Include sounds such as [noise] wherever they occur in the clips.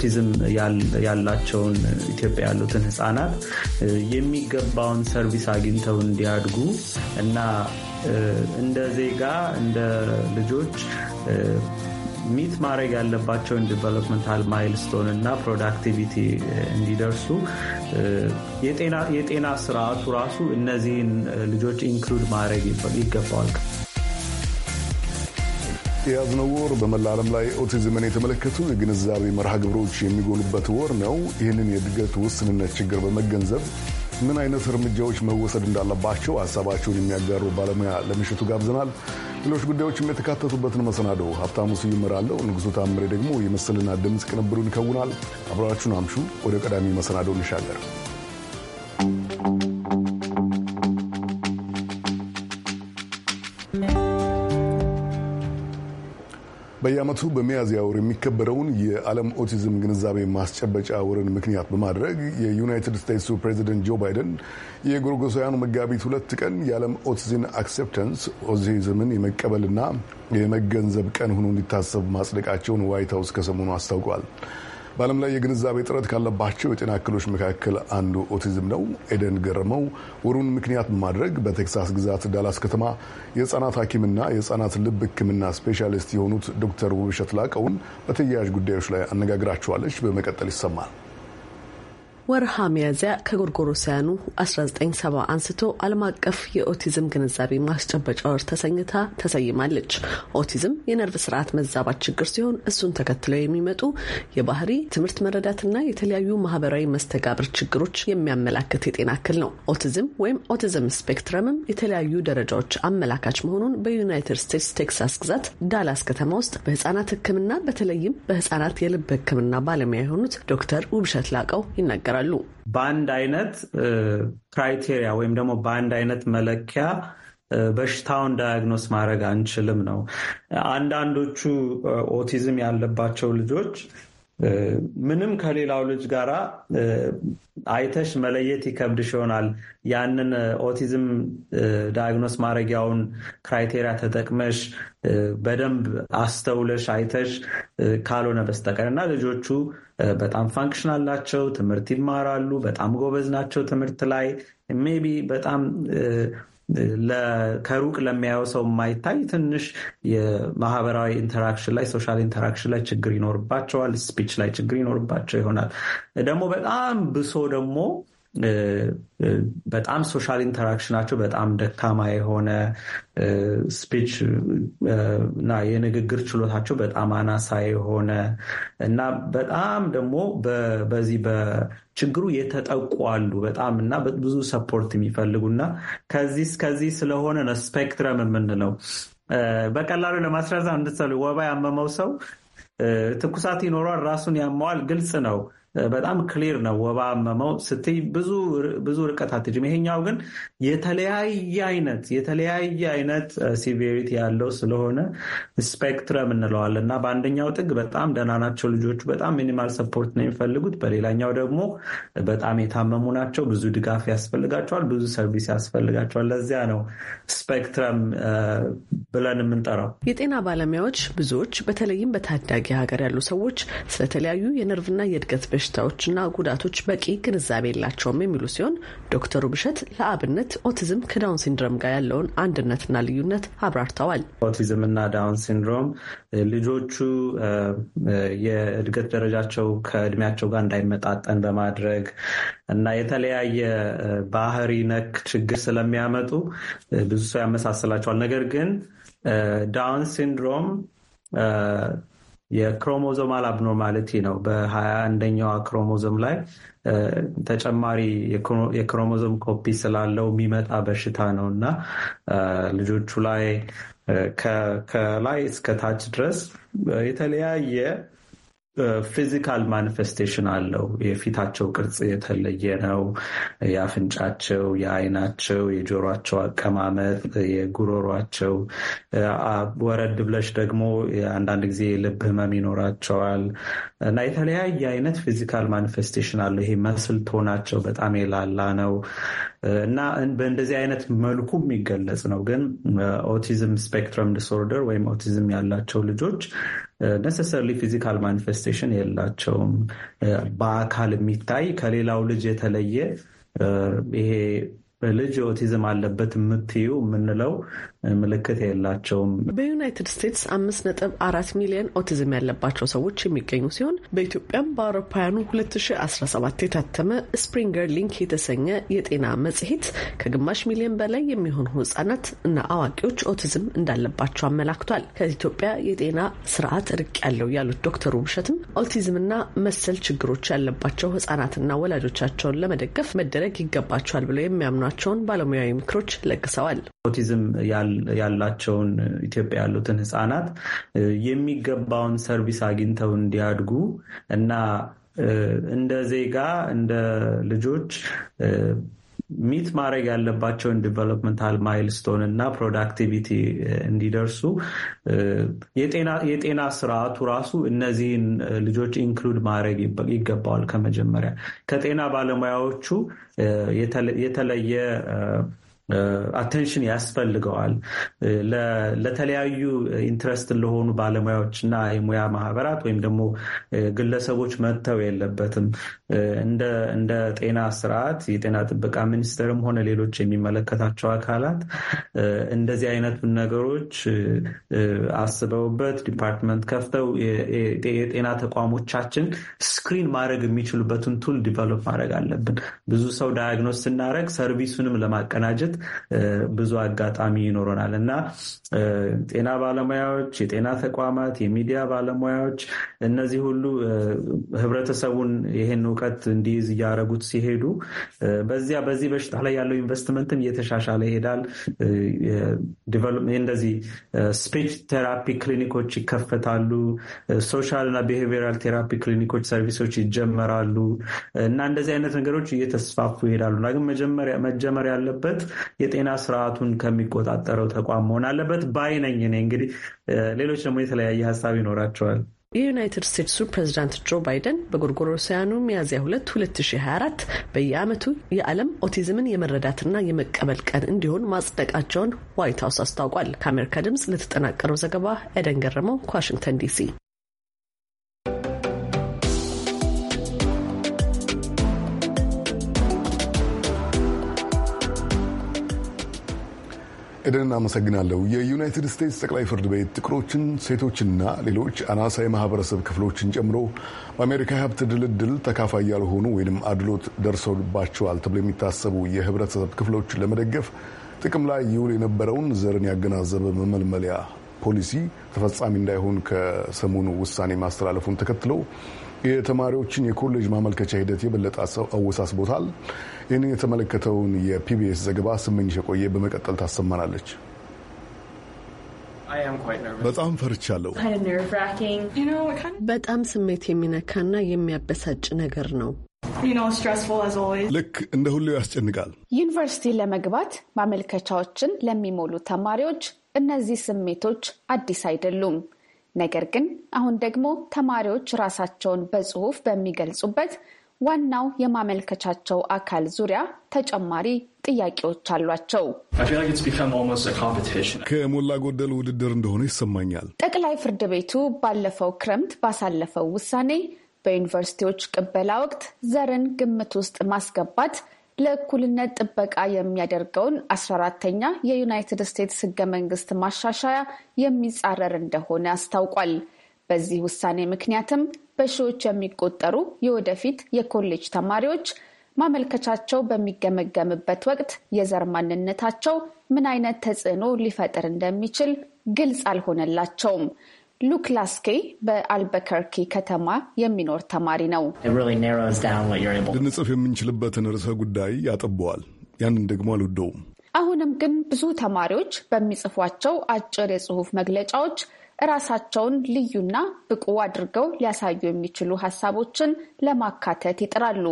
ኦቲዝም ያላቸውን ኢትዮጵያ ያሉትን ህጻናት የሚገባውን ሰርቪስ አግኝተው እንዲያድጉ እና እንደ ዜጋ እንደ ልጆች ሚት ማድረግ ያለባቸውን ዲቨሎፕመንታል ማይልስቶን እና ፕሮዳክቲቪቲ እንዲደርሱ የጤና ስርዓቱ ራሱ እነዚህን ልጆች ኢንክሉድ ማድረግ ይገባዋል። የያዝነው ወር በመላ ዓለም ላይ ኦቲዝምን የተመለከቱ የግንዛቤ መርሃ ግብሮች የሚጎሉበት ወር ነው። ይህንን የእድገት ውስንነት ችግር በመገንዘብ ምን አይነት እርምጃዎች መወሰድ እንዳለባቸው ሀሳባቸውን የሚያጋሩ ባለሙያ ለምሽቱ ጋብዘናል። ሌሎች ጉዳዮችም የተካተቱበትን መሰናዶ ሀብታሙ ስዩም እመራለሁ። ታምሬ ደግሞ የምስልና ድምፅ ቅንብሩን ይከውናል። አብራችሁን አምሹ። ወደ ቀዳሚ መሰናዶ እንሻገር። በየዓመቱ በሚያዝያ ወር የሚከበረውን የዓለም ኦቲዝም ግንዛቤ ማስጨበጫ ወርን ምክንያት በማድረግ የዩናይትድ ስቴትሱ ፕሬዚደንት ጆ ባይደን የጎርጎሳውያኑ መጋቢት ሁለት ቀን የዓለም ኦቲዝም አክሴፕተንስ ኦቲዝምን የመቀበልና የመገንዘብ ቀን ሆኖ እንዲታሰብ ማጽደቃቸውን ዋይት ሀውስ ከሰሞኑ አስታውቋል። በዓለም ላይ የግንዛቤ ጥረት ካለባቸው የጤና እክሎች መካከል አንዱ ኦቲዝም ነው። ኤደን ገረመው ወሩን ምክንያት በማድረግ በቴክሳስ ግዛት ዳላስ ከተማ የህፃናት ሐኪምና የህፃናት ልብ ሕክምና ስፔሻሊስት የሆኑት ዶክተር ውብሸት ላቀውን በተያያዥ ጉዳዮች ላይ አነጋግራቸዋለች። በመቀጠል ይሰማል። ወርሃ ሚያዝያ ከጎርጎሮሳውያኑ 1970 አንስቶ ዓለም አቀፍ የኦቲዝም ግንዛቤ ማስጨበጫ ወር ተሰኝታ ተሰይማለች። ኦቲዝም የነርቭ ስርዓት መዛባት ችግር ሲሆን እሱን ተከትለው የሚመጡ የባህሪ ትምህርት መረዳትና የተለያዩ ማህበራዊ መስተጋብር ችግሮች የሚያመላክት የጤና እክል ነው። ኦቲዝም ወይም ኦቲዝም ስፔክትረምም የተለያዩ ደረጃዎች አመላካች መሆኑን በዩናይትድ ስቴትስ ቴክሳስ ግዛት ዳላስ ከተማ ውስጥ በህጻናት ህክምና በተለይም በህጻናት የልብ ህክምና ባለሙያ የሆኑት ዶክተር ውብሸት ላቀው ይናገራል። ይኖራሉ። በአንድ አይነት ክራይቴሪያ ወይም ደግሞ በአንድ አይነት መለኪያ በሽታውን ዳያግኖስ ማድረግ አንችልም ነው። አንዳንዶቹ ኦቲዝም ያለባቸው ልጆች ምንም ከሌላው ልጅ ጋር አይተሽ መለየት ይከብድሽ ይሆናል። ያንን ኦቲዝም ዳያግኖስ ማድረጊያውን ክራይቴሪያ ተጠቅመሽ በደንብ አስተውለሽ አይተሽ ካልሆነ በስተቀር እና ልጆቹ በጣም ፋንክሽናል ናቸው፣ ትምህርት ይማራሉ፣ በጣም ጎበዝ ናቸው ትምህርት ላይ ሜቢ በጣም ከሩቅ ለሚያየው ሰው የማይታይ ትንሽ የማህበራዊ ኢንተራክሽን ላይ ሶሻል ኢንተራክሽን ላይ ችግር ይኖርባቸዋል። ስፒች ላይ ችግር ይኖርባቸው ይሆናል። ደግሞ በጣም ብሶ ደግሞ በጣም ሶሻል ኢንተራክሽናቸው በጣም ደካማ የሆነ ስፒች እና የንግግር ችሎታቸው በጣም አናሳ የሆነ እና በጣም ደግሞ በዚህ በችግሩ የተጠቁ አሉ በጣም እና ብዙ ሰፖርት የሚፈልጉና ከዚህ እስከዚህ ስለሆነ ነው ስፔክትረም የምንለው። በቀላሉ ለማስረዛ እንድትሰሉ ወባ ያመመው ሰው ትኩሳት ይኖሯል፣ ራሱን ያመዋል፣ ግልጽ ነው። በጣም ክሊር ነው። ወባ መመው ስትይ ብዙ ርቀት አትጅም። ይሄኛው ግን የተለያየ አይነት የተለያየ አይነት ሲቪሪቲ ያለው ስለሆነ ስፔክትረም እንለዋለን እና በአንደኛው ጥግ በጣም ደህና ናቸው ልጆቹ፣ በጣም ሚኒማል ሰፖርት ነው የሚፈልጉት። በሌላኛው ደግሞ በጣም የታመሙ ናቸው፣ ብዙ ድጋፍ ያስፈልጋቸዋል፣ ብዙ ሰርቪስ ያስፈልጋቸዋል። ለዚያ ነው ስፔክትረም ብለን የምንጠራው። የጤና ባለሙያዎች ብዙዎች በተለይም በታዳጊ ሀገር ያሉ ሰዎች ስለተለያዩ የነርቭና የእድገት በሽታዎችና ጉዳቶች በቂ ግንዛቤ የላቸውም የሚሉ ሲሆን ዶክተሩ ብሸት ለአብነት ኦቲዝም ከዳውን ሲንድሮም ጋር ያለውን አንድነትና ልዩነት አብራርተዋል። ኦቲዝም እና ዳውን ሲንድሮም ልጆቹ የእድገት ደረጃቸው ከእድሜያቸው ጋር እንዳይመጣጠን በማድረግ እና የተለያየ ባህሪ ነክ ችግር ስለሚያመጡ ብዙ ሰው ያመሳስላቸዋል። ነገር ግን ዳውን ሲንድሮም የክሮሞዞማል አብኖርማሊቲ ነው። በሀያ አንደኛው ክሮሞዞም ላይ ተጨማሪ የክሮሞዞም ኮፒ ስላለው የሚመጣ በሽታ ነው እና ልጆቹ ላይ ከላይ እስከታች ድረስ የተለያየ ፊዚካል ማኒፌስቴሽን አለው። የፊታቸው ቅርጽ የተለየ ነው። የአፍንጫቸው፣ የአይናቸው፣ የጆሯቸው አቀማመጥ፣ የጉሮሯቸው። ወረድ ብለሽ ደግሞ አንዳንድ ጊዜ የልብ ህመም ይኖራቸዋል እና የተለያየ አይነት ፊዚካል ማኒፌስቴሽን አለው። ይሄ መስል ቶናቸው በጣም የላላ ነው እና በእንደዚህ አይነት መልኩ የሚገለጽ ነው። ግን ኦቲዝም ስፔክትረም ዲስኦርደር ወይም ኦቲዝም ያላቸው ልጆች ነሰሰርሊ ፊዚካል ማኒፌስቴሽን የላቸውም። በአካል የሚታይ ከሌላው ልጅ የተለየ ይሄ ልጅ ኦቲዝም አለበት የምትዩ የምንለው ምልክት የላቸውም። በዩናይትድ ስቴትስ አምስት ነጥብ አራት ሚሊዮን ኦቲዝም ያለባቸው ሰዎች የሚገኙ ሲሆን በኢትዮጵያም በአውሮፓውያኑ 2017 የታተመ ስፕሪንገር ሊንክ የተሰኘ የጤና መጽሔት ከግማሽ ሚሊዮን በላይ የሚሆኑ ህጻናት እና አዋቂዎች ኦቲዝም እንዳለባቸው አመላክቷል። ከኢትዮጵያ የጤና ስርዓት ርቅ ያለው ያሉት ዶክተሩ ውብሸትም ኦቲዝምና መሰል ችግሮች ያለባቸው ህጻናትና ወላጆቻቸውን ለመደገፍ መደረግ ይገባቸዋል ብለው የሚያምኗቸውን ባለሙያዊ ምክሮች ለግሰዋል። ኦቲዝም ያለ ያላቸውን ኢትዮጵያ ያሉትን ህጻናት የሚገባውን ሰርቪስ አግኝተው እንዲያድጉ እና እንደ ዜጋ እንደ ልጆች ሚት ማድረግ ያለባቸውን ዲቨሎፕመንታል ማይልስቶን እና ፕሮዳክቲቪቲ እንዲደርሱ የጤና ስርዓቱ ራሱ እነዚህን ልጆች ኢንክሉድ ማድረግ ይገባዋል። ከመጀመሪያ ከጤና ባለሙያዎቹ የተለየ አቴንሽን ያስፈልገዋል። ለተለያዩ ኢንትረስት ለሆኑ ባለሙያዎች እና የሙያ ማህበራት ወይም ደግሞ ግለሰቦች መጥተው የለበትም። እንደ ጤና ስርዓት የጤና ጥበቃ ሚኒስቴርም ሆነ ሌሎች የሚመለከታቸው አካላት እንደዚህ አይነቱን ነገሮች አስበውበት ዲፓርትመንት ከፍተው የጤና ተቋሞቻችን ስክሪን ማድረግ የሚችሉበትን ቱል ዲቨሎፕ ማድረግ አለብን። ብዙ ሰው ዳያግኖስ ስናደረግ ሰርቪሱንም ለማቀናጀት ብዙ አጋጣሚ ይኖረናል እና ጤና ባለሙያዎች፣ የጤና ተቋማት፣ የሚዲያ ባለሙያዎች እነዚህ ሁሉ ህብረተሰቡን ይህን እውቀት እንዲይዝ እያደረጉት ሲሄዱ በዚያ በዚህ በሽታ ላይ ያለው ኢንቨስትመንትም እየተሻሻለ ይሄዳል። እንደዚህ ስፒች ቴራፒ ክሊኒኮች ይከፈታሉ። ሶሻል እና ቢሄቪራል ቴራፒ ክሊኒኮች ሰርቪሶች ይጀመራሉ እና እንደዚህ አይነት ነገሮች እየተስፋፉ ይሄዳሉ። ግን መጀመር ያለበት የጤና ስርዓቱን ከሚቆጣጠረው ተቋም መሆን አለበት ባይ ነኝ እኔ። እንግዲህ ሌሎች ደግሞ የተለያየ ሀሳብ ይኖራቸዋል። የዩናይትድ ስቴትሱ ፕሬዚዳንት ጆ ባይደን በጎርጎሮሳውያኑ ሚያዝያ 2 2024 በየዓመቱ የዓለም ኦቲዝምን የመረዳትና የመቀበል ቀን እንዲሆን ማጽደቃቸውን ዋይት ሀውስ አስታውቋል። ከአሜሪካ ድምፅ ለተጠናቀረው ዘገባ ኤደን ገረመው ከዋሽንግተን ዲሲ ኤደን አመሰግናለሁ። የዩናይትድ ስቴትስ ጠቅላይ ፍርድ ቤት ጥቁሮችን፣ ሴቶችና ሌሎች አናሳ የማህበረሰብ ክፍሎችን ጨምሮ በአሜሪካ የሀብት ድልድል ተካፋይ ያልሆኑ ወይም አድሎት ደርሶባቸዋል ተብሎ የሚታሰቡ የህብረተሰብ ክፍሎች ለመደገፍ ጥቅም ላይ ይውል የነበረውን ዘርን ያገናዘበ መመልመሊያ ፖሊሲ ተፈጻሚ እንዳይሆን ከሰሞኑ ውሳኔ ማስተላለፉን ተከትለው የተማሪዎችን የኮሌጅ ማመልከቻ ሂደት የበለጠ አወሳስቦታል። ይህንን የተመለከተውን የፒቢኤስ ዘገባ ስመኝሽ የቆየ በመቀጠል ታሰማናለች። በጣም ፈርቻለሁ። በጣም ስሜት የሚነካና የሚያበሳጭ ነገር ነው። ልክ እንደ ሁሌው ያስጨንቃል። ዩኒቨርሲቲ ለመግባት ማመልከቻዎችን ለሚሞሉ ተማሪዎች እነዚህ ስሜቶች አዲስ አይደሉም። ነገር ግን አሁን ደግሞ ተማሪዎች ራሳቸውን በጽሁፍ በሚገልጹበት ዋናው የማመልከቻቸው አካል ዙሪያ ተጨማሪ ጥያቄዎች አሏቸው። ከሞላ ጎደል ውድድር እንደሆነ ይሰማኛል። ጠቅላይ ፍርድ ቤቱ ባለፈው ክረምት ባሳለፈው ውሳኔ በዩኒቨርሲቲዎች ቅበላ ወቅት ዘርን ግምት ውስጥ ማስገባት ለእኩልነት ጥበቃ የሚያደርገውን አስራ የዩናይትድ ስቴትስ ህገ መንግስት ማሻሻያ የሚጻረር እንደሆነ አስታውቋል። በዚህ ውሳኔ ምክንያትም በሺዎች የሚቆጠሩ የወደፊት የኮሌጅ ተማሪዎች ማመልከቻቸው በሚገመገምበት ወቅት የዘር ማንነታቸው ምን አይነት ተጽዕኖ ሊፈጥር እንደሚችል ግልጽ አልሆነላቸውም። ሉክ ላስኬ በአልበከርኪ ከተማ የሚኖር ተማሪ ነው። ልንጽፍ የምንችልበትን ርዕሰ ጉዳይ ያጠበዋል። ያንን ደግሞ አልወደውም። አሁንም ግን ብዙ ተማሪዎች በሚጽፏቸው አጭር የጽሁፍ መግለጫዎች እራሳቸውን ልዩና ብቁ አድርገው ሊያሳዩ የሚችሉ ሀሳቦችን ለማካተት ይጥራሉ።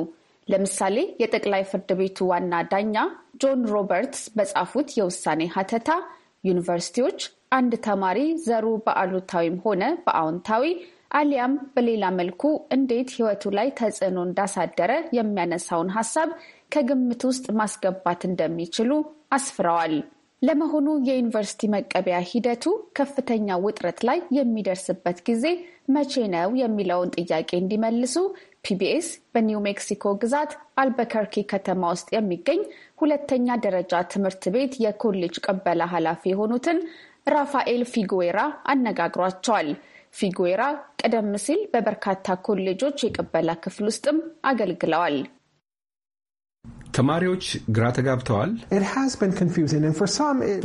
ለምሳሌ የጠቅላይ ፍርድ ቤቱ ዋና ዳኛ ጆን ሮበርትስ በጻፉት የውሳኔ ሀተታ ዩኒቨርሲቲዎች አንድ ተማሪ ዘሩ በአሉታዊም ሆነ በአዎንታዊ አሊያም በሌላ መልኩ እንዴት ሕይወቱ ላይ ተጽዕኖ እንዳሳደረ የሚያነሳውን ሀሳብ ከግምት ውስጥ ማስገባት እንደሚችሉ አስፍረዋል። ለመሆኑ የዩኒቨርሲቲ መቀበያ ሂደቱ ከፍተኛ ውጥረት ላይ የሚደርስበት ጊዜ መቼ ነው የሚለውን ጥያቄ እንዲመልሱ ፒቢኤስ በኒው ሜክሲኮ ግዛት አልበከርኪ ከተማ ውስጥ የሚገኝ ሁለተኛ ደረጃ ትምህርት ቤት የኮሌጅ ቅበላ ኃላፊ የሆኑትን ራፋኤል ፊጉዌራ አነጋግሯቸዋል። ፊጉዌራ ቀደም ሲል በበርካታ ኮሌጆች የቅበላ ክፍል ውስጥም አገልግለዋል። ተማሪዎች ግራ ተጋብተዋል።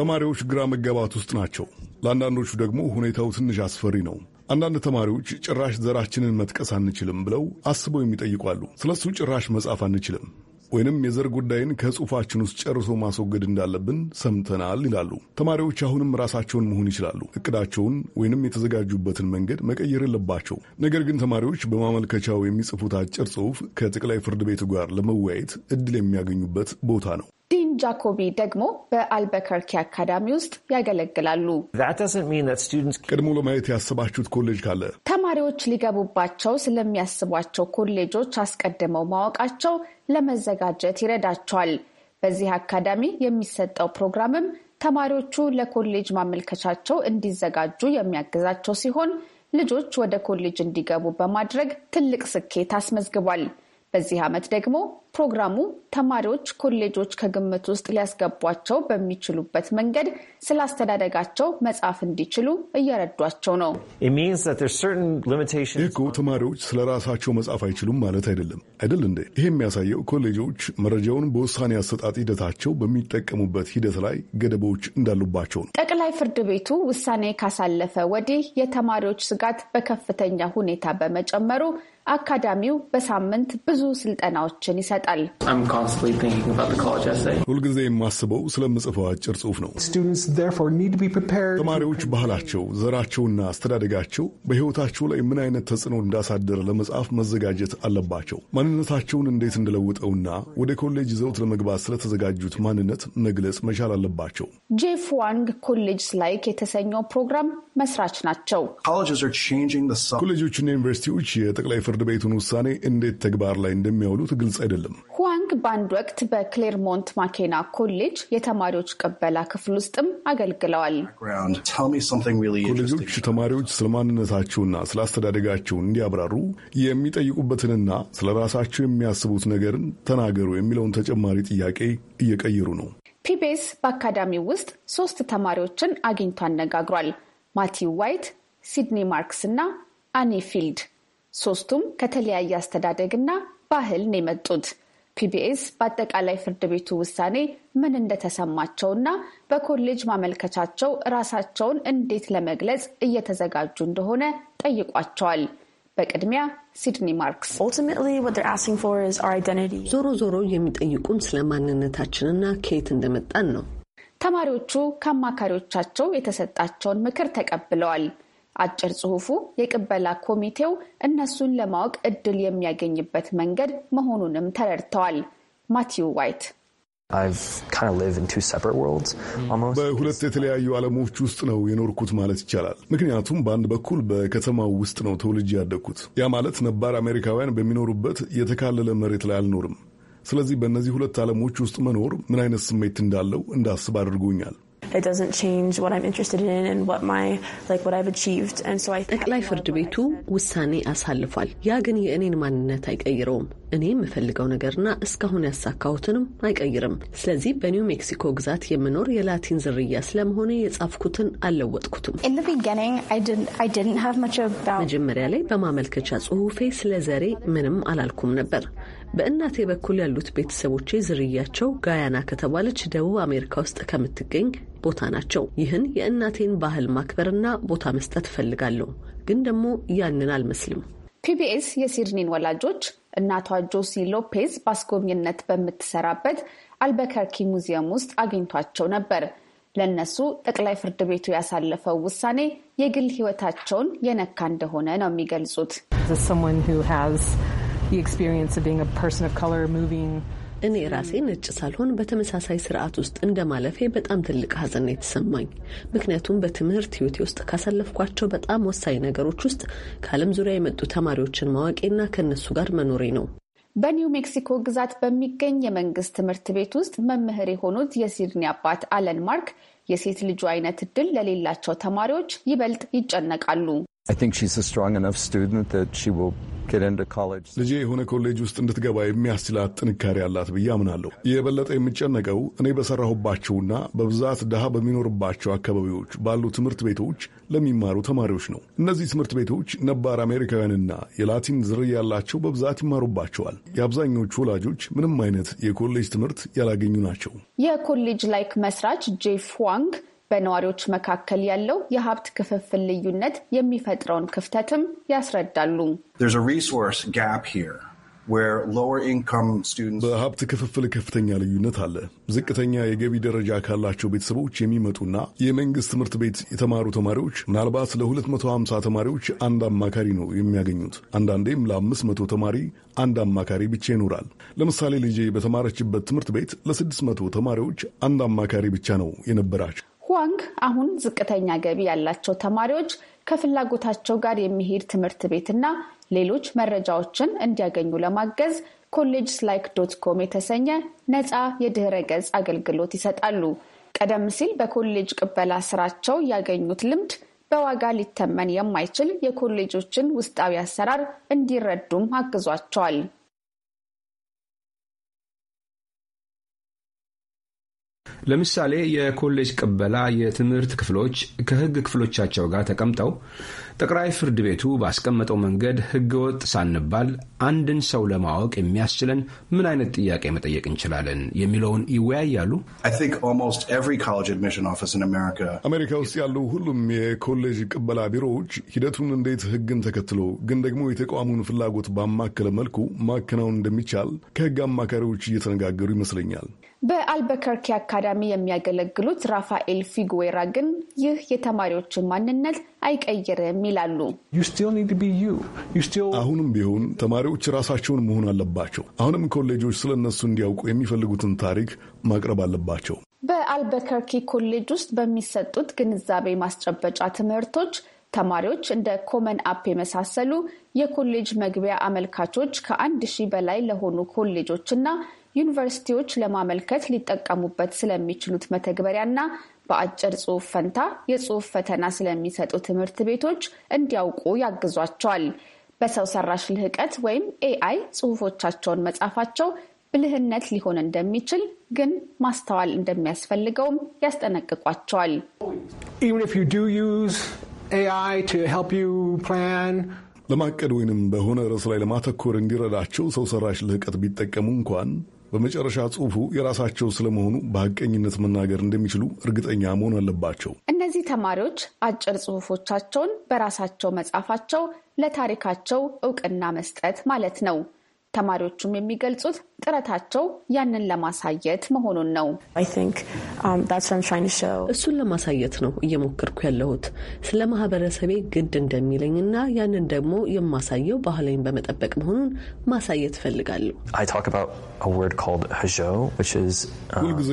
ተማሪዎች ግራ መጋባት ውስጥ ናቸው። ለአንዳንዶቹ ደግሞ ሁኔታው ትንሽ አስፈሪ ነው። አንዳንድ ተማሪዎች ጭራሽ ዘራችንን መጥቀስ አንችልም ብለው አስበው የሚጠይቋሉ። ስለሱ ጭራሽ መጻፍ አንችልም ወይንም የዘር ጉዳይን ከጽሑፋችን ውስጥ ጨርሶ ማስወገድ እንዳለብን ሰምተናል ይላሉ። ተማሪዎች አሁንም ራሳቸውን መሆን ይችላሉ። እቅዳቸውን ወይንም የተዘጋጁበትን መንገድ መቀየር የለባቸው። ነገር ግን ተማሪዎች በማመልከቻው የሚጽፉት አጭር ጽሑፍ ከጠቅላይ ፍርድ ቤቱ ጋር ለመወያየት እድል የሚያገኙበት ቦታ ነው። ዲን ጃኮቢ ደግሞ በአልበከርኪ አካዳሚ ውስጥ ያገለግላሉ። ቀድሞ ለማየት ያስባችሁት ኮሌጅ ካለ ተማሪዎች ሊገቡባቸው ስለሚያስቧቸው ኮሌጆች አስቀድመው ማወቃቸው ለመዘጋጀት ይረዳቸዋል። በዚህ አካዳሚ የሚሰጠው ፕሮግራምም ተማሪዎቹ ለኮሌጅ ማመልከቻቸው እንዲዘጋጁ የሚያግዛቸው ሲሆን ልጆች ወደ ኮሌጅ እንዲገቡ በማድረግ ትልቅ ስኬት አስመዝግቧል። በዚህ ዓመት ደግሞ ፕሮግራሙ ተማሪዎች ኮሌጆች ከግምት ውስጥ ሊያስገቧቸው በሚችሉበት መንገድ ስላስተዳደጋቸው መጻፍ እንዲችሉ እየረዷቸው ነው። ይህ እኮ ተማሪዎች ስለ ራሳቸው መጻፍ አይችሉም ማለት አይደለም አይደል እንዴ? ይህ የሚያሳየው ኮሌጆች መረጃውን በውሳኔ አሰጣጥ ሂደታቸው በሚጠቀሙበት ሂደት ላይ ገደቦች እንዳሉባቸው ነው። ጠቅላይ ፍርድ ቤቱ ውሳኔ ካሳለፈ ወዲህ የተማሪዎች ስጋት በከፍተኛ ሁኔታ በመጨመሩ አካዳሚው በሳምንት ብዙ ስልጠናዎችን ይሰጣል። ሁልጊዜ የማስበው ስለምጽፈው አጭር ጽሑፍ ነው። ተማሪዎች ባህላቸው፣ ዘራቸውና አስተዳደጋቸው በሕይወታቸው ላይ ምን አይነት ተጽዕኖ እንዳሳደረ ለመጻፍ መዘጋጀት አለባቸው። ማንነታቸውን እንዴት እንደለውጠውና ወደ ኮሌጅ ይዘውት ለመግባት ስለተዘጋጁት ማንነት መግለጽ መቻል አለባቸው። ጄፍ ዋንግ ኮሌጅስ ላይክ የተሰኘው ፕሮግራም መስራች ናቸው። ኮሌጆችና ዩኒቨርሲቲዎች የጠቅላይ የፍርድ ቤቱን ውሳኔ እንዴት ተግባር ላይ እንደሚያውሉት ግልጽ አይደለም። ሁዋንግ በአንድ ወቅት በክሌርሞንት ማኬና ኮሌጅ የተማሪዎች ቅበላ ክፍል ውስጥም አገልግለዋል። ኮሌጆች ተማሪዎች ስለ ማንነታቸውና ስለ አስተዳደጋቸው እንዲያብራሩ የሚጠይቁበትንና ስለ ራሳቸው የሚያስቡት ነገርን ተናገሩ የሚለውን ተጨማሪ ጥያቄ እየቀየሩ ነው። ፒቤስ በአካዳሚ ውስጥ ሶስት ተማሪዎችን አግኝቶ አነጋግሯል። ማቲው ዋይት፣ ሲድኒ ማርክስ እና አኒ ፊልድ ሶስቱም ከተለያየ አስተዳደግና ባህል ነው የመጡት። ፒቢኤስ በአጠቃላይ ፍርድ ቤቱ ውሳኔ ምን እንደተሰማቸውና በኮሌጅ ማመልከቻቸው ራሳቸውን እንዴት ለመግለጽ እየተዘጋጁ እንደሆነ ጠይቋቸዋል። በቅድሚያ ሲድኒ ማርክስ ዞሮ ዞሮ የሚጠይቁን ስለ ማንነታችንና ከየት እንደመጣን ነው። ተማሪዎቹ ከአማካሪዎቻቸው የተሰጣቸውን ምክር ተቀብለዋል። አጭር ጽሁፉ የቅበላ ኮሚቴው እነሱን ለማወቅ እድል የሚያገኝበት መንገድ መሆኑንም ተረድተዋል። ማቲው ዋይት hmm. በሁለት የተለያዩ ዓለሞች ውስጥ ነው የኖርኩት ማለት ይቻላል። ምክንያቱም በአንድ በኩል በከተማው ውስጥ ነው ተወልጄ ያደግኩት። ያ ማለት ነባር አሜሪካውያን በሚኖሩበት የተካለለ መሬት ላይ አልኖርም። ስለዚህ በእነዚህ ሁለት ዓለሞች ውስጥ መኖር ምን አይነት ስሜት እንዳለው እንዳስብ አድርጎኛል። It doesn't change what I'm interested in and what my like what I've achieved. And so I ጠቅላይ ፍርድ ቤቱ ውሳኔ አሳልፏል። ያ ግን የእኔን ማንነት አይቀይረውም። እኔ የምፈልገው ነገርና እስካሁን ያሳካሁትንም አይቀይርም። ስለዚህ በኒው ሜክሲኮ ግዛት የምኖር የላቲን ዝርያ ስለመሆኔ የጻፍኩትን አልለወጥኩትም። መጀመሪያ ላይ በማመልከቻ ጽሁፌ ስለ ዘሬ ምንም አላልኩም ነበር። በእናቴ በኩል ያሉት ቤተሰቦቼ ዝርያቸው ጋያና ከተባለች ደቡብ አሜሪካ ውስጥ ከምትገኝ ቦታ ናቸው። ይህን የእናቴን ባህል ማክበርና ቦታ መስጠት እፈልጋለሁ፣ ግን ደግሞ ያንን አልመስልም። ፒቢኤስ የሲድኒን ወላጆች እናቷ ጆሲ ሎፔዝ በአስጎብኝነት በምትሰራበት አልበከርኪ ሙዚየም ውስጥ አግኝቷቸው ነበር። ለእነሱ ጠቅላይ ፍርድ ቤቱ ያሳለፈው ውሳኔ የግል ሕይወታቸውን የነካ እንደሆነ ነው የሚገልጹት። እኔ ራሴ ነጭ ሳልሆን በተመሳሳይ ስርዓት ውስጥ እንደማለፌ በጣም ትልቅ ሀዘን የተሰማኝ ምክንያቱም በትምህርት ሕይወቴ ውስጥ ካሳለፍኳቸው በጣም ወሳኝ ነገሮች ውስጥ ከዓለም ዙሪያ የመጡ ተማሪዎችን ማወቄና ከእነሱ ጋር መኖሬ ነው። በኒው ሜክሲኮ ግዛት በሚገኝ የመንግስት ትምህርት ቤት ውስጥ መምህር የሆኑት የሲድኒ አባት አለን ማርክ የሴት ልጁ አይነት እድል ለሌላቸው ተማሪዎች ይበልጥ ይጨነቃሉ። ልጄ የሆነ ኮሌጅ ውስጥ እንድትገባ የሚያስችላት ጥንካሬ አላት ብዬ አምናለሁ። የበለጠ የምጨነቀው እኔ በሰራሁባቸውና በብዛት ድሃ በሚኖርባቸው አካባቢዎች ባሉ ትምህርት ቤቶች ለሚማሩ ተማሪዎች ነው። እነዚህ ትምህርት ቤቶች ነባር አሜሪካውያንና የላቲን ዝርያ ያላቸው በብዛት ይማሩባቸዋል። የአብዛኞቹ ወላጆች ምንም አይነት የኮሌጅ ትምህርት ያላገኙ ናቸው። የኮሌጅ ላይክ መስራች ጄፍ ዋንግ በነዋሪዎች መካከል ያለው የሀብት ክፍፍል ልዩነት የሚፈጥረውን ክፍተትም ያስረዳሉ። በሀብት ክፍፍል ከፍተኛ ልዩነት አለ። ዝቅተኛ የገቢ ደረጃ ካላቸው ቤተሰቦች የሚመጡና የመንግስት ትምህርት ቤት የተማሩ ተማሪዎች ምናልባት ለ250 ተማሪዎች አንድ አማካሪ ነው የሚያገኙት። አንዳንዴም ለ500 ተማሪ አንድ አማካሪ ብቻ ይኖራል። ለምሳሌ ልጄ በተማረችበት ትምህርት ቤት ለ600 ተማሪዎች አንድ አማካሪ ብቻ ነው የነበራቸው። ዋንግ አሁን ዝቅተኛ ገቢ ያላቸው ተማሪዎች ከፍላጎታቸው ጋር የሚሄድ ትምህርት ቤትና ሌሎች መረጃዎችን እንዲያገኙ ለማገዝ ኮሌጅስ ላይክ ዶት ኮም የተሰኘ ነፃ የድህረ ገጽ አገልግሎት ይሰጣሉ። ቀደም ሲል በኮሌጅ ቅበላ ስራቸው ያገኙት ልምድ በዋጋ ሊተመን የማይችል የኮሌጆችን ውስጣዊ አሰራር እንዲረዱም አግዟቸዋል። ለምሳሌ የኮሌጅ ቅበላ የትምህርት ክፍሎች ከህግ ክፍሎቻቸው ጋር ተቀምጠው ጠቅላይ ፍርድ ቤቱ ባስቀመጠው መንገድ ህገወጥ ሳንባል አንድን ሰው ለማወቅ የሚያስችለን ምን አይነት ጥያቄ መጠየቅ እንችላለን የሚለውን ይወያያሉ። አሜሪካ ውስጥ ያሉ ሁሉም የኮሌጅ ቅበላ ቢሮዎች ሂደቱን እንዴት ህግን ተከትሎ ግን ደግሞ የተቋሙን ፍላጎት ባማከለ መልኩ ማከናወን እንደሚቻል ከህግ አማካሪዎች እየተነጋገሩ ይመስለኛል። በአልበከርኪ አካዳሚ የሚያገለግሉት ራፋኤል ፊጉዌራ ግን ይህ የተማሪዎችን ማንነት አይቀይርም ይላሉ። አሁንም ቢሆን ተማሪዎች ራሳቸውን መሆን አለባቸው። አሁንም ኮሌጆች ስለ እነሱ እንዲያውቁ የሚፈልጉትን ታሪክ ማቅረብ አለባቸው። በአልበከርኪ ኮሌጅ ውስጥ በሚሰጡት ግንዛቤ ማስጨበጫ ትምህርቶች ተማሪዎች እንደ ኮመን አፕ የመሳሰሉ የኮሌጅ መግቢያ አመልካቾች ከአንድ ሺህ በላይ ለሆኑ ኮሌጆች እና ዩኒቨርሲቲዎች ለማመልከት ሊጠቀሙበት ስለሚችሉት መተግበሪያና በአጭር ጽሑፍ ፈንታ የጽሑፍ ፈተና ስለሚሰጡ ትምህርት ቤቶች እንዲያውቁ ያግዟቸዋል። በሰው ሰራሽ ልህቀት ወይም ኤአይ ጽሑፎቻቸውን መጻፋቸው ብልህነት ሊሆን እንደሚችል ግን ማስተዋል እንደሚያስፈልገውም ያስጠነቅቋቸዋል። ለማቀድ ወይንም በሆነ ርዕስ ላይ ለማተኮር እንዲረዳቸው ሰው ሰራሽ ልህቀት ቢጠቀሙ እንኳን በመጨረሻ ጽሑፉ የራሳቸው ስለመሆኑ በሐቀኝነት መናገር እንደሚችሉ እርግጠኛ መሆን አለባቸው። እነዚህ ተማሪዎች አጭር ጽሑፎቻቸውን በራሳቸው መጻፋቸው ለታሪካቸው እውቅና መስጠት ማለት ነው። ተማሪዎቹም የሚገልጹት ጥረታቸው ያንን ለማሳየት መሆኑን ነው። um, እሱን ለማሳየት ነው እየሞከርኩ ያለሁት ስለ ማህበረሰቤ ግድ እንደሚለኝና ያንን ደግሞ የማሳየው ባህላዊን በመጠበቅ መሆኑን ማሳየት እፈልጋለሁ። uh, ሁልጊዜ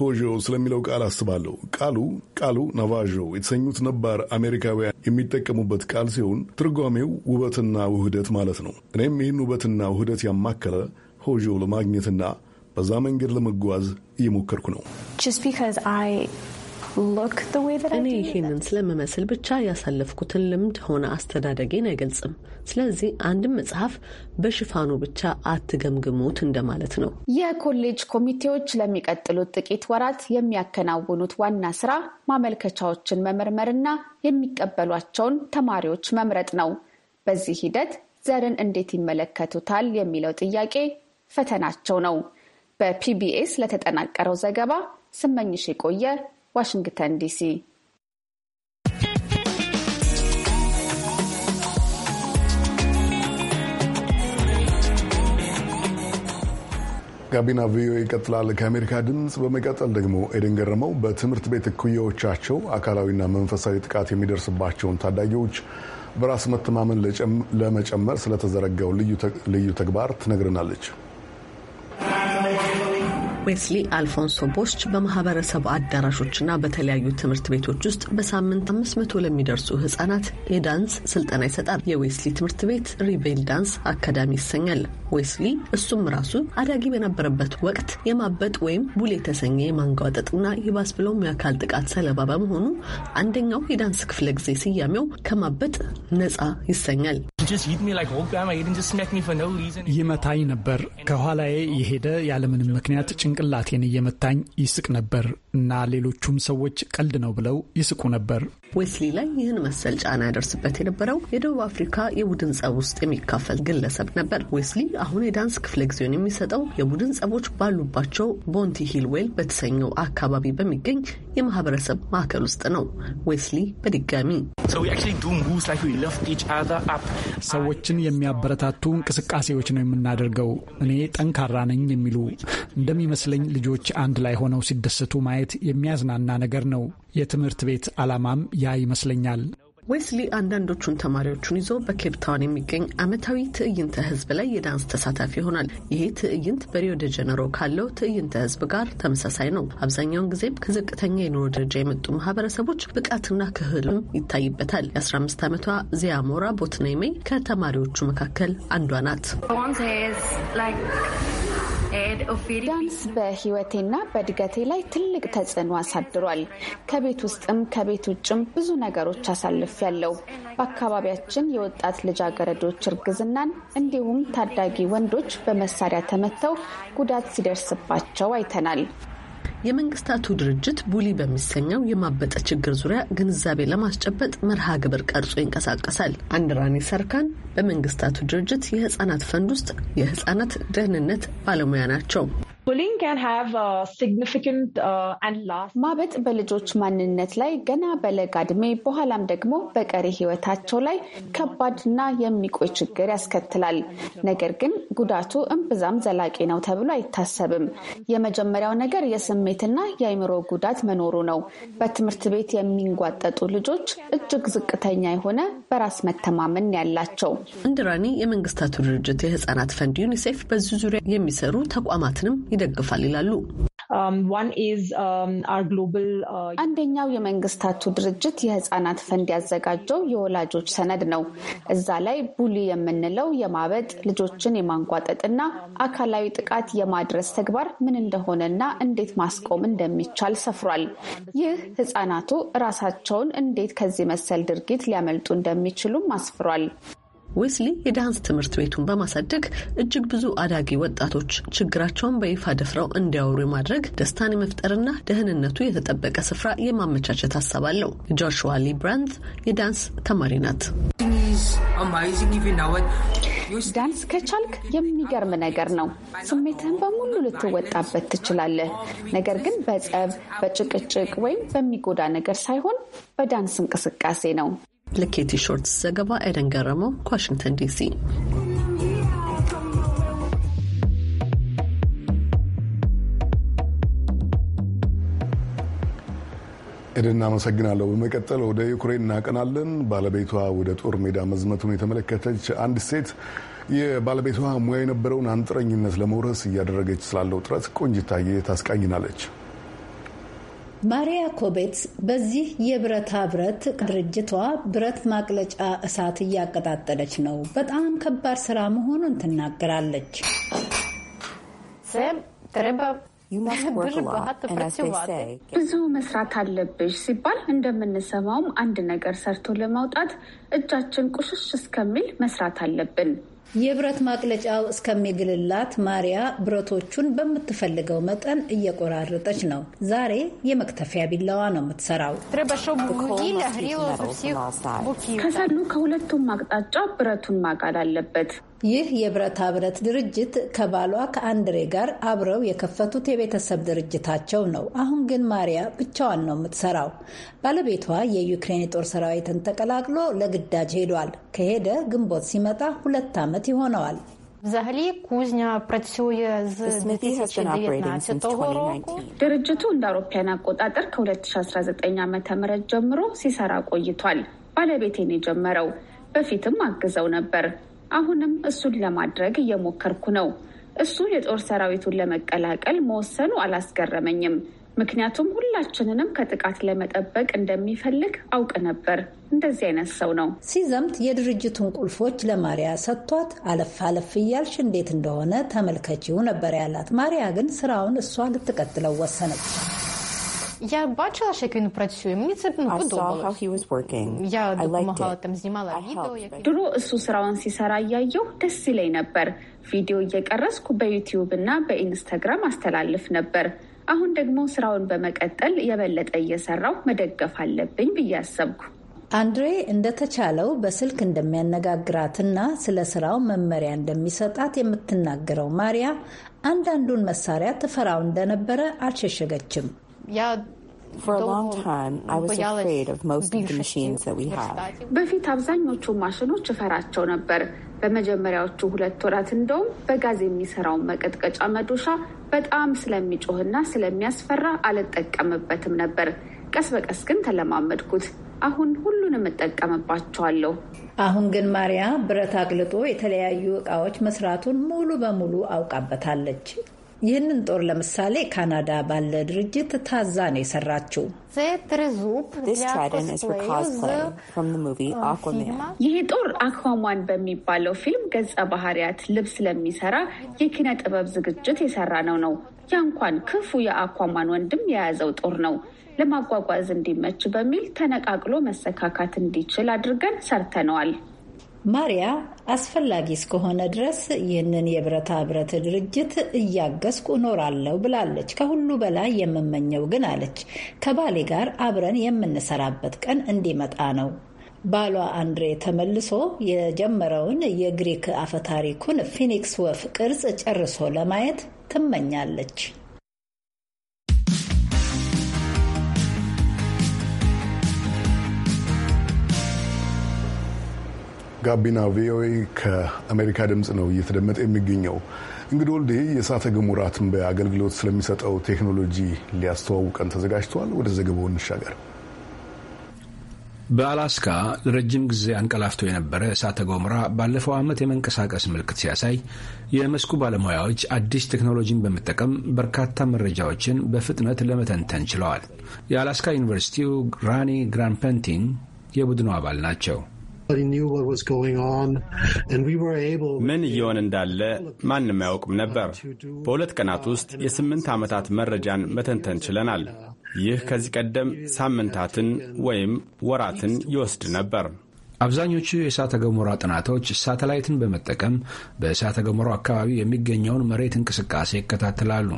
ሆዦ ስለሚለው ቃል አስባለሁ። ቃሉ ቃሉ ናቫዦ የተሰኙት ነባር አሜሪካውያን የሚጠቀሙበት ቃል ሲሆን ትርጓሜው ውበትና ውህደት ማለት ነው። እኔም ይህን ውበትና ውህደት ያማከለ ሆዦ ለማግኘትና በዛ መንገድ ለመጓዝ እየሞከርኩ ነው። እኔ ይሄንን ስለምመስል ብቻ ያሳለፍኩትን ልምድ ሆነ አስተዳደጌን አይገልጽም። ስለዚህ አንድም መጽሐፍ በሽፋኑ ብቻ አትገምግሙት እንደማለት ነው። የኮሌጅ ኮሚቴዎች ለሚቀጥሉት ጥቂት ወራት የሚያከናውኑት ዋና ስራ ማመልከቻዎችን መመርመርና የሚቀበሏቸውን ተማሪዎች መምረጥ ነው። በዚህ ሂደት ዘርን እንዴት ይመለከቱታል የሚለው ጥያቄ ፈተናቸው ነው። በፒቢኤስ ለተጠናቀረው ዘገባ ስመኝሽ የቆየ ዋሽንግተን ዲሲ። ጋቢና ቪኦኤ ይቀጥላል። ከአሜሪካ ድምፅ በመቀጠል ደግሞ ኤደን ገረመው በትምህርት ቤት እኩያዎቻቸው አካላዊና መንፈሳዊ ጥቃት የሚደርስባቸውን ታዳጊዎች በራስ መተማመን ለመጨመር ስለተዘረጋው ልዩ ተግባር ትነግረናለች። ዌስሊ አልፎንሶ ቦስች በማህበረሰብ አዳራሾችና በተለያዩ ትምህርት ቤቶች ውስጥ በሳምንት መቶ ለሚደርሱ ህጻናት የዳንስ ስልጠና ይሰጣል። የዌስሊ ትምህርት ቤት ሪቬል ዳንስ አካዳሚ ይሰኛል። ዌስሊ እሱም ራሱ አዳጊ በነበረበት ወቅት የማበጥ ወይም ቡል የተሰኘ የማንጓጠጥና የባስ ብለውም የአካል ጥቃት ሰለባ በመሆኑ አንደኛው የዳንስ ክፍለ ጊዜ ስያሜው ከማበጥ ነጻ ይሰኛል። ይመታኝ ነበር። ከኋላዬ የሄደ ያለምንም ምክንያት ጭን ጭንቅላቴን እየመታኝ ይስቅ ነበር እና ሌሎቹም ሰዎች ቀልድ ነው ብለው ይስቁ ነበር። ዌስሊ ላይ ይህን መሰል ጫና ያደርስበት የነበረው የደቡብ አፍሪካ የቡድን ጸብ ውስጥ የሚካፈል ግለሰብ ነበር። ዌስሊ አሁን የዳንስ ክፍለ ጊዜውን የሚሰጠው የቡድን ጸቦች ባሉባቸው ቦንቲ ሂል ዌል በተሰኘው አካባቢ በሚገኝ የማህበረሰብ ማዕከል ውስጥ ነው። ዌስሊ በድጋሚ ሰዎችን የሚያበረታቱ እንቅስቃሴዎች ነው የምናደርገው። እኔ ጠንካራ ነኝ የሚሉ እንደሚመስለኝ ልጆች አንድ ላይ ሆነው ሲደሰቱ ማየት ማየት የሚያዝናና ነገር ነው። የትምህርት ቤት ዓላማም ያ ይመስለኛል። ዌስሊ አንዳንዶቹን ተማሪዎቹን ይዞ በኬፕታውን የሚገኝ ዓመታዊ ትዕይንተ ሕዝብ ላይ የዳንስ ተሳታፊ ይሆናል። ይሄ ትዕይንት በሪዮ ደ ጀነሮ ካለው ትዕይንተ ሕዝብ ጋር ተመሳሳይ ነው። አብዛኛውን ጊዜም ከዝቅተኛ የኑሮ ደረጃ የመጡ ማህበረሰቦች ብቃትና ክህልም ይታይበታል። የ15 ዓመቷ ዚያ ሞራ ቦትናይሜ ከተማሪዎቹ መካከል አንዷ ናት። ዳንስ በህይወቴና በእድገቴ ላይ ትልቅ ተጽዕኖ አሳድሯል። ከቤት ውስጥም ከቤት ውጭም ብዙ ነገሮች አሳልፍ ያለው በአካባቢያችን የወጣት ልጃገረዶች እርግዝናን እንዲሁም ታዳጊ ወንዶች በመሳሪያ ተመተው ጉዳት ሲደርስባቸው አይተናል። የመንግስታቱ ድርጅት ቡሊ በሚሰኘው የማበጠ ችግር ዙሪያ ግንዛቤ ለማስጨበጥ መርሃ ግብር ቀርጾ ይንቀሳቀሳል። አንድራኒ ሰርካን በመንግስታቱ ድርጅት የህጻናት ፈንድ ውስጥ የህጻናት ደህንነት ባለሙያ ናቸው። Uh, ማበጥ በልጆች ማንነት ላይ ገና በለጋ ዕድሜ በኋላም ደግሞ በቀሪ ሕይወታቸው ላይ ከባድና የሚቆይ ችግር ያስከትላል። ነገር ግን ጉዳቱ እምብዛም ዘላቂ ነው ተብሎ አይታሰብም። የመጀመሪያው ነገር የስሜትና የአይምሮ ጉዳት መኖሩ ነው። በትምህርት ቤት የሚንጓጠጡ ልጆች እጅግ ዝቅተኛ የሆነ በራስ መተማመን ያላቸው። እንድራኔ የመንግስታቱ ድርጅት የህጻናት ፈንድ ዩኒሴፍ በዚህ ዙሪያ የሚሰሩ ተቋማትንም ይደግፋል ይላሉ። um, um, uh, አንደኛው የመንግስታቱ ድርጅት የህፃናት ፈንድ ያዘጋጀው የወላጆች ሰነድ ነው። እዛ ላይ ቡሊ የምንለው የማበጥ ልጆችን የማንቋጠጥና አካላዊ ጥቃት የማድረስ ተግባር ምን እንደሆነና እንዴት ማስቆም እንደሚቻል ሰፍሯል። ይህ ህፃናቱ ራሳቸውን እንዴት ከዚህ መሰል ድርጊት ሊያመልጡ እንደሚችሉም አስፍሯል። ዌስሊ የዳንስ ትምህርት ቤቱን በማሳደግ እጅግ ብዙ አዳጊ ወጣቶች ችግራቸውን በይፋ ደፍረው እንዲያወሩ የማድረግ ደስታን የመፍጠርና ደህንነቱ የተጠበቀ ስፍራ የማመቻቸት ሀሳብ አለው። ጆሹዋ ሊ ብራንት የዳንስ ተማሪ ናት። ዳንስ ከቻልክ የሚገርም ነገር ነው። ስሜትህን በሙሉ ልትወጣበት ትችላለህ። ነገር ግን በጸብ፣ በጭቅጭቅ ወይም በሚጎዳ ነገር ሳይሆን በዳንስ እንቅስቃሴ ነው። ለኬቲ ሾርትስ ዘገባ ኤደን ገረመው ከዋሽንግተን ዲሲ። ኤደን እናመሰግናለሁ። በመቀጠል ወደ ዩክሬን እናቀናለን። ባለቤቷ ወደ ጦር ሜዳ መዝመቱን የተመለከተች አንዲት ሴት የባለቤቷ ሙያ የነበረውን አንጥረኝነት ለመውረስ እያደረገች ስላለው ጥረት ቆንጅታዬ ታስቃኝናለች። ማሪያ ኮቤትስ በዚህ የብረታ ብረት ድርጅቷ ብረት ማቅለጫ እሳት እያቀጣጠለች ነው። በጣም ከባድ ስራ መሆኑን ትናገራለች። [laughs] ብዙ መስራት አለብሽ ሲባል እንደምንሰማውም አንድ ነገር ሰርቶ ለማውጣት እጃችን ቁሽሽ እስከሚል መስራት አለብን። የብረት ማቅለጫው እስከሚግልላት ማሪያ ብረቶቹን በምትፈልገው መጠን እየቆራረጠች ነው። ዛሬ የመክተፊያ ቢላዋ ነው የምትሰራው። ከሰሉ ከሁለቱም አቅጣጫ ብረቱን ማቃል አለበት። ይህ የብረታ ብረት ድርጅት ከባሏ ከአንድሬ ጋር አብረው የከፈቱት የቤተሰብ ድርጅታቸው ነው። አሁን ግን ማሪያ ብቻዋን ነው የምትሰራው። ባለቤቷ የዩክሬን የጦር ሰራዊትን ተቀላቅሎ ለግዳጅ ሄዷል። ከሄደ ግንቦት ሲመጣ ሁለት ዓመት ይሆነዋል። ድርጅቱ እንደ አውሮፓውያን አቆጣጠር ከ2019 ዓ ም ጀምሮ ሲሰራ ቆይቷል። ባለቤቴን የጀመረው በፊትም አግዘው ነበር። አሁንም እሱን ለማድረግ እየሞከርኩ ነው። እሱ የጦር ሰራዊቱን ለመቀላቀል መወሰኑ አላስገረመኝም። ምክንያቱም ሁላችንንም ከጥቃት ለመጠበቅ እንደሚፈልግ አውቅ ነበር። እንደዚህ አይነት ሰው ነው። ሲዘምት የድርጅቱን ቁልፎች ለማሪያ ሰጥቷት አለፍ አለፍ እያልሽ እንዴት እንደሆነ ተመልከቺው ነበር ያላት። ማሪያ ግን ስራውን እሷ ልትቀጥለው ወሰነች። Я бачила, ж, як він працює. Мені це ну, подобалось. Я допомагала там, знімала відео. Як... ድሮ እሱ ስራውን ሲሰራ እያየሁ ደስ ይለኝ ነበር። ቪዲዮ እየቀረስኩ በዩቲዩብ እና በኢንስታግራም አስተላልፍ ነበር። አሁን ደግሞ ስራውን በመቀጠል የበለጠ እየሰራው መደገፍ አለብኝ ብዬ አሰብኩ። አንድሬ እንደተቻለው በስልክ እንደሚያነጋግራትና ስለ ስራው መመሪያ እንደሚሰጣት የምትናገረው ማሪያ አንዳንዱን መሳሪያ ትፈራው እንደነበረ አልሸሸገችም። በፊት አብዛኞቹ ማሽኖች እፈራቸው ነበር። በመጀመሪያዎቹ ሁለት ወራት እንደውም በጋዝ የሚሰራውን መቀጥቀጫ መዶሻ በጣም ስለሚጮህና ስለሚያስፈራ አልጠቀምበትም ነበር። ቀስ በቀስ ግን ተለማመድኩት። አሁን ሁሉንም እጠቀምባቸዋለሁ። አሁን ግን ማሪያ ብረት አቅልጦ የተለያዩ እቃዎች መስራቱን ሙሉ በሙሉ አውቃበታለች። ይህንን ጦር ለምሳሌ ካናዳ ባለ ድርጅት ታዛ ነው የሰራችው። uh, ይህ ጦር አኳሟን በሚባለው ፊልም ገጸ ባህሪያት ልብስ ለሚሰራ የኪነ ጥበብ ዝግጅት የሰራ ነው ነው። ያ እንኳን ክፉ የአኳሟን ወንድም የያዘው ጦር ነው። ለማጓጓዝ እንዲመች በሚል ተነቃቅሎ መሰካካት እንዲችል አድርገን ሰርተነዋል። ማሪያ አስፈላጊ እስከሆነ ድረስ ይህንን የብረታ ብረት ድርጅት እያገዝኩ እኖራለሁ ብላለች። ከሁሉ በላይ የምመኘው ግን አለች ከባሌ ጋር አብረን የምንሰራበት ቀን እንዲመጣ ነው። ባሏ አንድሬ ተመልሶ የጀመረውን የግሪክ አፈታሪኩን ፊኒክስ ወፍ ቅርጽ ጨርሶ ለማየት ትመኛለች። ጋቢና ቪኦኤ ከአሜሪካ ድምፅ ነው እየተደመጠ የሚገኘው። እንግዲህ ወልዴ የእሳተ ገሞራ ትንበያ አገልግሎት ስለሚሰጠው ቴክኖሎጂ ሊያስተዋውቀን ተዘጋጅተዋል። ወደ ዘገባው እንሻገር። በአላስካ ለረጅም ጊዜ አንቀላፍቶ የነበረ እሳተ ገሞራ ባለፈው ዓመት የመንቀሳቀስ ምልክት ሲያሳይ የመስኩ ባለሙያዎች አዲስ ቴክኖሎጂን በመጠቀም በርካታ መረጃዎችን በፍጥነት ለመተንተን ችለዋል። የአላስካ ዩኒቨርሲቲው ራኒ ግራንፐንቲን የቡድኑ አባል ናቸው። ምን እየሆን እንዳለ ማንም አያውቅም ነበር። በሁለት ቀናት ውስጥ የስምንት ዓመታት መረጃን መተንተን ችለናል። ይህ ከዚህ ቀደም ሳምንታትን ወይም ወራትን ይወስድ ነበር። አብዛኞቹ የእሳተ ገሞራ ጥናቶች ሳተላይትን በመጠቀም በእሳተ ገሞራው አካባቢ የሚገኘውን መሬት እንቅስቃሴ ይከታተላሉ።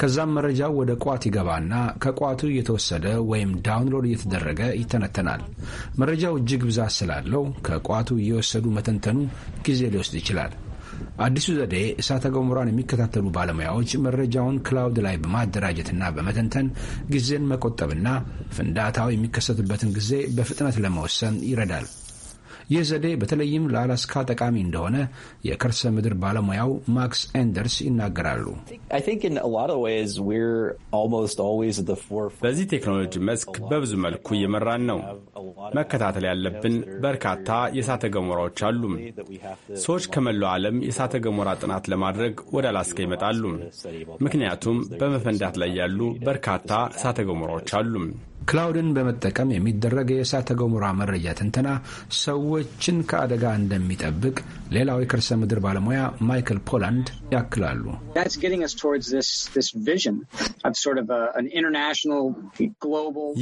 ከዛም መረጃው ወደ ቋት ይገባና ከቋቱ እየተወሰደ ወይም ዳውንሎድ እየተደረገ ይተነተናል። መረጃው እጅግ ብዛት ስላለው ከቋቱ እየወሰዱ መተንተኑ ጊዜ ሊወስድ ይችላል። አዲሱ ዘዴ እሳተ ገሞራን የሚከታተሉ ባለሙያዎች መረጃውን ክላውድ ላይ በማደራጀትና በመተንተን ጊዜን መቆጠብና ፍንዳታው የሚከሰትበትን ጊዜ በፍጥነት ለመወሰን ይረዳል። ይህ ዘዴ በተለይም ለአላስካ ጠቃሚ እንደሆነ የከርሰ ምድር ባለሙያው ማክስ ኤንደርስ ይናገራሉ። በዚህ ቴክኖሎጂ መስክ በብዙ መልኩ እየመራን ነው። መከታተል ያለብን በርካታ የእሳተ ገሞራዎች አሉም። ሰዎች ከመላው ዓለም የእሳተ ገሞራ ጥናት ለማድረግ ወደ አላስካ ይመጣሉ። ምክንያቱም በመፈንዳት ላይ ያሉ በርካታ እሳተ ገሞራዎች አሉም። ክላውድን በመጠቀም የሚደረግ የእሳተ ገሞራ መረጃ ትንተና ሰዎችን ከአደጋ እንደሚጠብቅ ሌላው የከርሰ ምድር ባለሙያ ማይክል ፖላንድ ያክላሉ።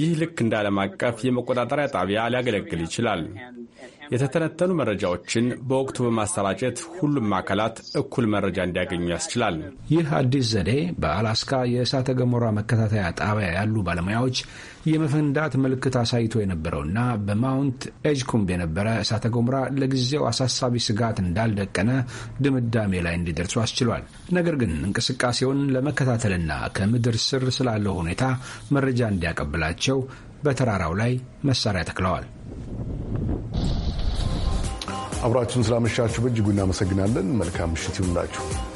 ይህ ልክ እንደ ዓለም አቀፍ የመቆጣጠሪያ ጣቢያ ሊያገለግል ይችላል። የተተነተኑ መረጃዎችን በወቅቱ በማሰራጨት ሁሉም አካላት እኩል መረጃ እንዲያገኙ ያስችላል። ይህ አዲስ ዘዴ በአላስካ የእሳተ ገሞራ መከታተያ ጣቢያ ያሉ ባለሙያዎች የመፈንዳት ምልክት አሳይቶ የነበረውና በማውንት ኤጅኩምብ የነበረ እሳተ ገሞራ ለጊዜው አሳሳቢ ስጋት እንዳልደቀነ ድምዳሜ ላይ እንዲደርሱ አስችሏል። ነገር ግን እንቅስቃሴውን ለመከታተልና ከምድር ስር ስላለው ሁኔታ መረጃ እንዲያቀብላቸው በተራራው ላይ መሳሪያ ተክለዋል። አብራችሁን ስላመሻችሁ በእጅጉ እናመሰግናለን። መልካም ምሽት ይሁንላችሁ።